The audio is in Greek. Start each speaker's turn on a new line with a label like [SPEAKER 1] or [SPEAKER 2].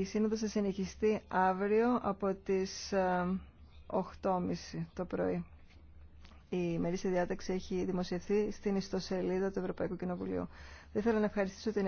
[SPEAKER 1] Η σύνοδος θα συνεχιστεί αύριο από τις 8.30 ε, το πρωί. Η μερίστη διάταξη έχει δημοσιευθεί στην ιστοσελίδα του Ευρωπαϊκού Κοινοβουλίου. Δεν θέλω να ευχαριστήσω την